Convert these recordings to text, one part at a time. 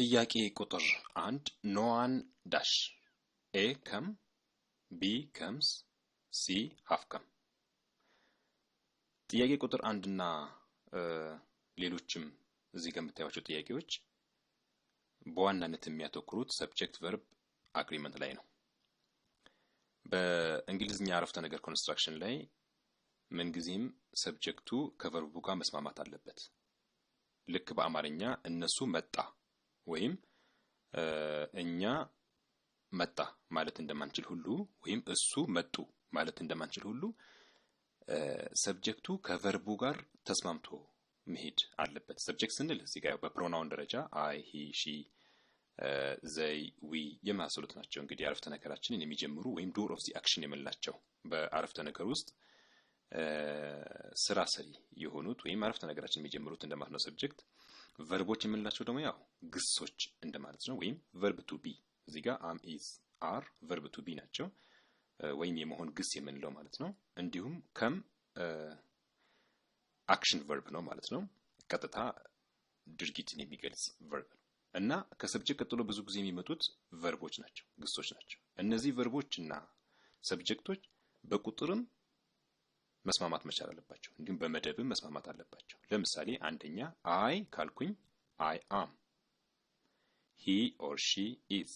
ጥያቄ ቁጥር አንድ ኖዋን ዳሽ ኤ ከም ቢ ከምስ ሲ ሀፍ ከም። ጥያቄ ቁጥር አንድ እና ሌሎችም እዚህ ከምታያቸው ጥያቄዎች በዋናነት የሚያተኩሩት ሰብጀክት ቨርብ አግሪመንት ላይ ነው። በእንግሊዝኛ አረፍተ ነገር ኮንስትራክሽን ላይ ምንጊዜም ሰብጀክቱ ከቨርቡ ጋር መስማማት አለበት። ልክ በአማርኛ እነሱ መጣ ወይም እኛ መጣ ማለት እንደማንችል ሁሉ ወይም እሱ መጡ ማለት እንደማንችል ሁሉ ሰብጀክቱ ከቨርቡ ጋር ተስማምቶ መሄድ አለበት። ሰብጀክት ስንል እዚህ ጋር በፕሮናውን ደረጃ አይ፣ ሂ፣ ሺ፣ ዘይ፣ ዊ የመሳሰሉት ናቸው። እንግዲህ አረፍተ ነገራችንን የሚጀምሩ ወይም ዶር ኦፍ ዚ አክሽን የምንላቸው በአረፍተ ነገር ውስጥ ስራ ሰሪ የሆኑት ወይም አረፍተ ነገራችን የሚጀምሩት እንደማለት ነው ሰብጀክት ቨርቦች የምንላቸው ደግሞ ያው ግሶች እንደማለት ነው። ወይም ቨርብ ቱ ቢ እዚህ ጋር አም ኢዝ አር ቨርብ ቱ ቢ ናቸው፣ ወይም የመሆን ግስ የምንለው ማለት ነው። እንዲሁም ከም አክሽን ቨርብ ነው ማለት ነው። ቀጥታ ድርጊትን የሚገልጽ ቨርብ ነው እና ከሰብጀክት ቀጥሎ ብዙ ጊዜ የሚመጡት ቨርቦች ናቸው፣ ግሶች ናቸው። እነዚህ ቨርቦች እና ሰብጀክቶች በቁጥርም መስማማት መቻል አለባቸው። እንዲሁም በመደብም መስማማት አለባቸው። ለምሳሌ አንደኛ አይ ካልኩኝ አይ አም፣ ሂ ኦር ሺ ኢዝ፣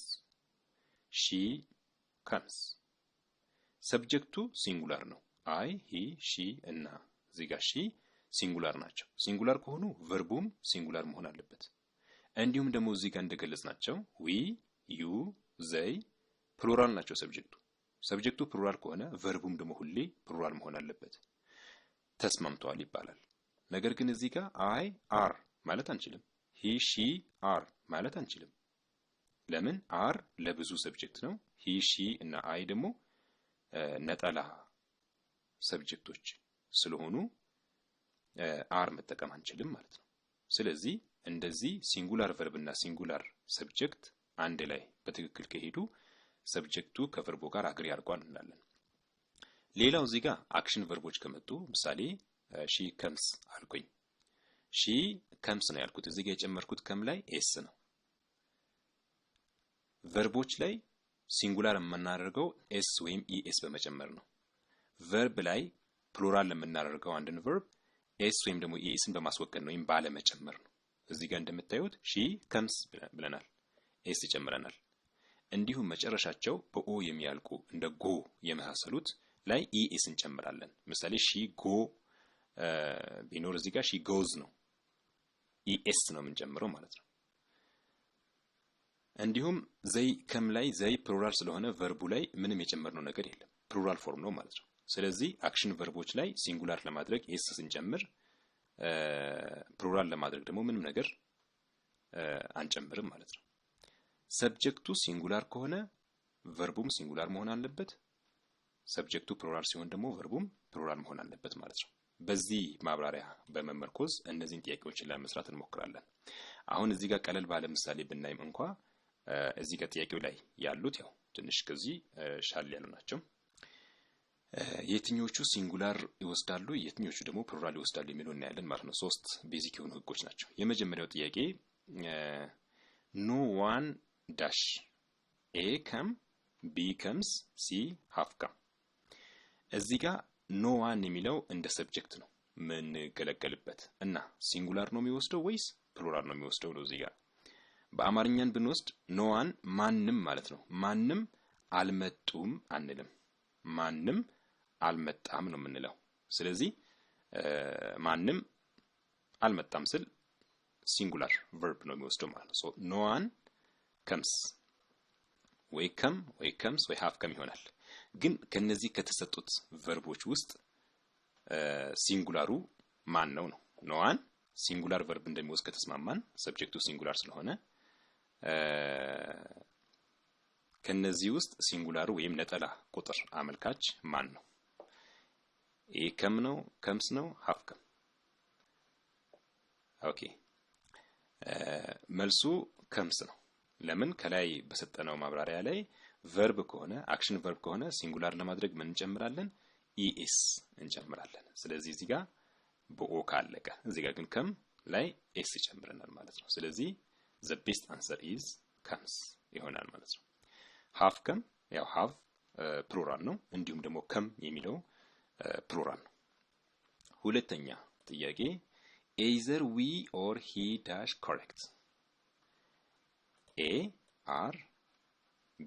ሺ ከምስ። ሰብጀክቱ ሲንጉላር ነው። አይ፣ ሂ፣ ሺ እና እዚህ ሺ ሲንጉላር ናቸው። ሲንጉላር ከሆኑ ቨርቡም ሲንጉላር መሆን አለበት። እንዲሁም ደግሞ እዚህ ጋር እንደገለጽናቸው ዊ፣ ዩ፣ ዘይ ፕሉራል ናቸው ሰብጀክቱ ሰብጀክቱ ፕሉራል ከሆነ ቨርቡም ደግሞ ሁሌ ፕሉራል መሆን አለበት። ተስማምተዋል ይባላል። ነገር ግን እዚህ ጋር አይ አር ማለት አንችልም። ሂ ሺ አር ማለት አንችልም። ለምን? አር ለብዙ ሰብጀክት ነው። ሂ ሺ እና አይ ደግሞ ነጠላ ሰብጀክቶች ስለሆኑ አር መጠቀም አንችልም ማለት ነው። ስለዚህ እንደዚህ ሲንጉላር ቨርብ እና ሲንጉላር ሰብጀክት አንድ ላይ በትክክል ከሄዱ ሰብጀክቱ ከቨርቦ ጋር አግሪ አድርጓል እንላለን። ሌላው እዚህ ጋር አክሽን ቨርቦች ከመጡ ምሳሌ ሺ ከምስ አልኩኝ። ሺ ከምስ ነው ያልኩት። እዚህ ጋር የጨመርኩት ከም ላይ ኤስ ነው። ቨርቦች ላይ ሲንጉላር የምናደርገው ኤስ ወይም ኢኤስ በመጨመር ነው። ቨርብ ላይ ፕሉራል የምናደርገው አንድን ቨርብ ኤስ ወይም ደግሞ ኢኤስን በማስወገድ ነው ወይም ባለመጨመር ነው። እዚህ ጋር እንደምታዩት ሺ ከምስ ብለናል፣ ኤስ ጨምረናል። እንዲሁም መጨረሻቸው በኦ የሚያልቁ እንደ ጎ የመሳሰሉት ላይ ኢኤስ እንጨምራለን። ምሳሌ ሺ ጎ ቢኖር እዚህ ጋር ሺ ጎዝ ነው፣ ኢኤስ ነው የምንጨምረው ማለት ነው። እንዲሁም ዘይ ከም ላይ ዘይ ፕሉራል ስለሆነ ቨርቡ ላይ ምንም የጨመርነው ነገር የለም፣ ፕሉራል ፎርም ነው ማለት ነው። ስለዚህ አክሽን ቨርቦች ላይ ሲንጉላር ለማድረግ ኤስ ስንጨምር፣ ፕሉራል ለማድረግ ደግሞ ምንም ነገር አንጨምርም ማለት ነው። ሰብጀክቱ ሲንጉላር ከሆነ ቨርቡም ሲንጉላር መሆን አለበት። ሰብጀክቱ ፕሉራል ሲሆን ደግሞ ቨርቡም ፕሉራል መሆን አለበት ማለት ነው። በዚህ ማብራሪያ በመመርኮዝ እነዚህን ጥያቄዎችን ለመስራት እንሞክራለን። አሁን እዚህ ጋር ቀለል ባለ ምሳሌ ብናይም እንኳ እዚህ ጋር ጥያቄው ላይ ያሉት ያው ትንሽ ከዚህ ሻል ያሉ ናቸው። የትኞቹ ሲንጉላር ይወስዳሉ፣ የትኞቹ ደግሞ ፕሉራል ይወስዳሉ የሚለው እናያለን ማለት ነው። ሶስት ቤዚክ የሆኑ ህጎች ናቸው። የመጀመሪያው ጥያቄ ኖ ዋን dash. ኤ ከም B comes, C half come። እዚህ ጋር ኖ ዋን የሚለው እንደ ሰብጀክት ነው የምንገለገልበት እና ሲንጉላር ነው የሚወስደው ወይስ ፕሉራል ነው የሚወስደው ነው። እዚህ ጋር በአማርኛን ብንወስድ ኖዋን ማንም ማለት ነው። ማንም አልመጡም አንልም። ማንም አልመጣም ነው የምንለው። ስለዚህ ማንም አልመጣም ስል ሲንጉላር ቨርብ ነው የሚወስደው ማለት ነው። ኖ ከምስ ወይ ከም ወይ ከምስ ወይ ሀፍ ከም ይሆናል። ግን ከነዚህ ከተሰጡት ቨርቦች ውስጥ ሲንጉላሩ ማን ነው ነው ነዋን ሲንጉላር ቨርብ እንደሚወስድ ከተስማማን ሰብጀክቱ ሲንጉላር ስለሆነ ከነዚህ ውስጥ ሲንጉላሩ ወይም ነጠላ ቁጥር አመልካች ማን ነው? ይሄ ከም ነው፣ ከምስ ነው፣ ሀፍ ከም። ኦኬ መልሱ ከምስ ነው። ለምን ከላይ በሰጠነው ማብራሪያ ላይ ቨርብ ከሆነ አክሽን ቨርብ ከሆነ ሲንጉላር ለማድረግ ምን እንጨምራለን? ኢኤስ እንጨምራለን። ስለዚህ እዚህ ጋር በኦ ካለቀ፣ እዚህ ጋር ግን ከም ላይ ኤስ ይጨምረናል ማለት ነው። ስለዚህ ዘ ቤስት አንሰር ኢዝ ከምስ ይሆናል ማለት ነው። ሀፍ ከም ያው ሀፍ ፕሉራል ነው፣ እንዲሁም ደግሞ ከም የሚለው ፕሉራል ነው። ሁለተኛ ጥያቄ ኤይዘር ዊ ኦር ሂ ዳሽ ኮሬክት ኤ አር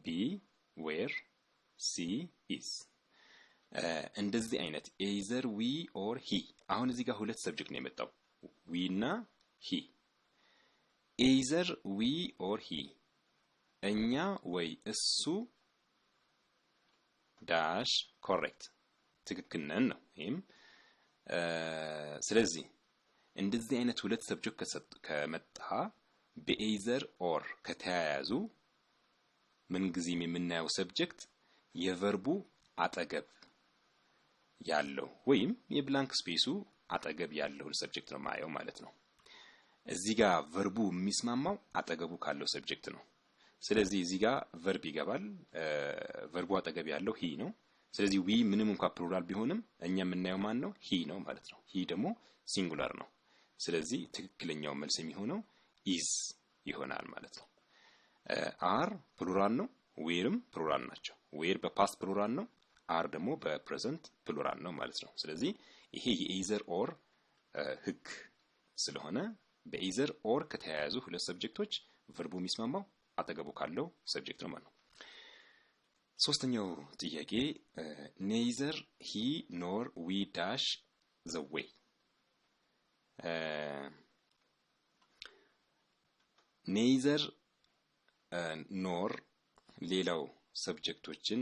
ቢ ዌር ሲ is እንደዚህ አይነት ኤዘር ዊ ኦር ሂ። አሁን እዚህ ጋር ሁለት ሰብጀክት ነው የመጣው ዊ እና ሂ። ኤዘር ዊ ኦር ሂ እኛ ወይ እሱ ዳሽ ኮሬክት ትክክል ነን ነው ይህም። ስለዚህ እንደዚህ አይነት ሁለት ሰብጀክት ከመጣ በኤይዘር ኦር ከተያያዙ ምንጊዜም የምናየው ሰብጀክት የቨርቡ አጠገብ ያለው ወይም የብላንክ ስፔሱ አጠገብ ያለውን ሰብጀክት ነው ማየው ማለት ነው። እዚህ ጋር ቨርቡ የሚስማማው አጠገቡ ካለው ሰብጀክት ነው። ስለዚህ እዚህ ጋር ቨርብ ይገባል። ቨርቡ አጠገብ ያለው ሂ ነው። ስለዚህ ዊ ምንም እንኳ ፕሉራል ቢሆንም እኛ የምናየው ማን ነው? ሂ ነው ማለት ነው። ሂ ደግሞ ሲንጉላር ነው። ስለዚህ ትክክለኛው መልስ የሚሆነው ኢዝ ይሆናል ማለት ነው። አር ፕሉራል ነው። ዌርም ፕሉራል ናቸው። ዌር በፓስት ፕሉራል ነው። አር ደግሞ በፕሬዘንት ፕሉራል ነው ማለት ነው። ስለዚህ ይሄ የኢዘር ኦር ህግ ስለሆነ በኢዘር ኦር ከተያያዙ ሁለት ሰብጀክቶች ቨርቡ የሚስማማው አጠገቡ ካለው ሰብጀክት ነው ማለት ነው። ሶስተኛው ጥያቄ ኔይዘር ሂ ኖር ዊ ዳሽ ዘዌይ ኔይዘር ኖር ሌላው ሰብጀክቶችን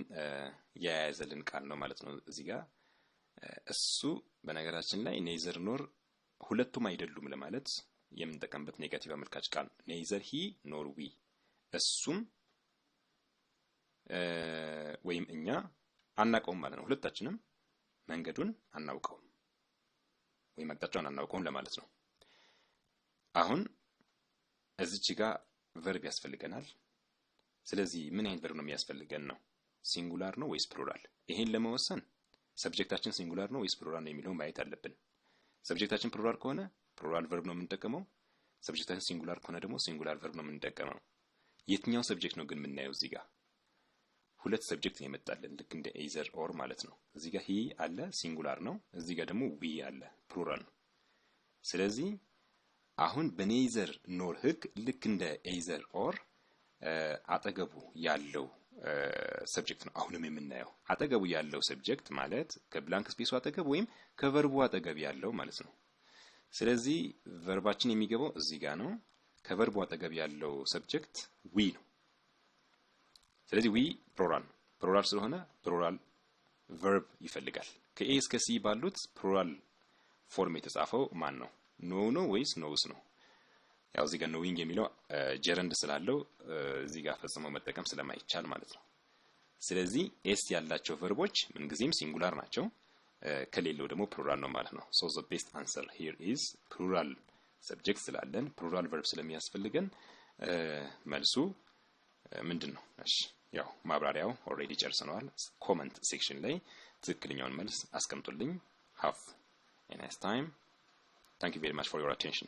የያያዘልን ቃል ነው ማለት ነው። እዚህ ጋር እሱ በነገራችን ላይ ኔይዘር ኖር ሁለቱም አይደሉም ለማለት የምንጠቀምበት ኔጋቲቭ አመልካች ቃል ነው። ኔይዘር ሂ ኖር ዊ እሱም ወይም እኛ አናውቀውም ማለት ነው። ሁለታችንም መንገዱን አናውቀውም ወይም አቅጣጫውን አናውቀውም ለማለት ነው። አሁን እዚች ጋር ቨርብ ያስፈልገናል። ስለዚህ ምን አይነት ቨርብ ነው የሚያስፈልገን ነው? ሲንጉላር ነው ወይስ ፕሉራል? ይሄን ለመወሰን ሰብጀክታችን ሲንጉላር ነው ወይስ ፕሉራል ነው የሚለውን ማየት አለብን። ሰብጀክታችን ፕሉራል ከሆነ ፕሉራል ቨርብ ነው የምንጠቀመው። ሰብጀክታችን ሲንጉላር ከሆነ ደግሞ ሲንጉላር ቨርብ ነው የምንጠቀመው። የትኛው ሰብጀክት ነው ግን የምናየው? እዚህ ጋ ሁለት ሰብጀክት ነው የመጣልን፣ ልክ እንደ ኤዘር ኦር ማለት ነው። እዚህ ጋ ሂ አለ ሲንጉላር ነው። እዚህ ጋ ደግሞ ዊ አለ ፕሉራል ነው። ስለዚህ አሁን በኔዘር ኖር ህግ ልክ እንደ ኤዘር ኦር አጠገቡ ያለው ሰብጀክት ነው። አሁንም የምናየው አጠገቡ ያለው ሰብጀክት ማለት ከብላንክ ስፔሱ አጠገብ ወይም ከቨርቡ አጠገብ ያለው ማለት ነው። ስለዚህ ቨርባችን የሚገባው እዚህ ጋር ነው። ከቨርቡ አጠገብ ያለው ሰብጀክት ዊ ነው። ስለዚህ ዊ ፕሮራል ነው። ፕሮራል ስለሆነ ፕሮራል ቨርብ ይፈልጋል። ከኤ እስከ ሲ ባሉት ፕሮራል ፎርም የተጻፈው ማን ነው? ኖው ነው ወይስ ኖውስ ነው? ያው እዚህ ጋር ኖዊንግ የሚለው ጀረንድ ስላለው እዚህ ጋር ፈጽሞ መጠቀም ስለማይቻል ማለት ነው። ስለዚህ ኤስ ያላቸው ቨርቦች ምንጊዜም ሲንጉላር ናቸው፣ ከሌለው ደግሞ ፕሉራል ነው ማለት ነው። ሶ ዘ ቤስት አንሰር ሂር ኢዝ ፕሉራል ሰብጀክት ስላለን ፕሉራል ቨርብ ስለሚያስፈልገን መልሱ ምንድን ነው? እሺ ያው ማብራሪያው ኦልሬዲ ጨርሰነዋል። ኮመንት ሴክሽን ላይ ትክክለኛውን መልስ አስቀምጡልኝ። ሃቭ ኤ ናይስ ታይም Thank you very much for your attention.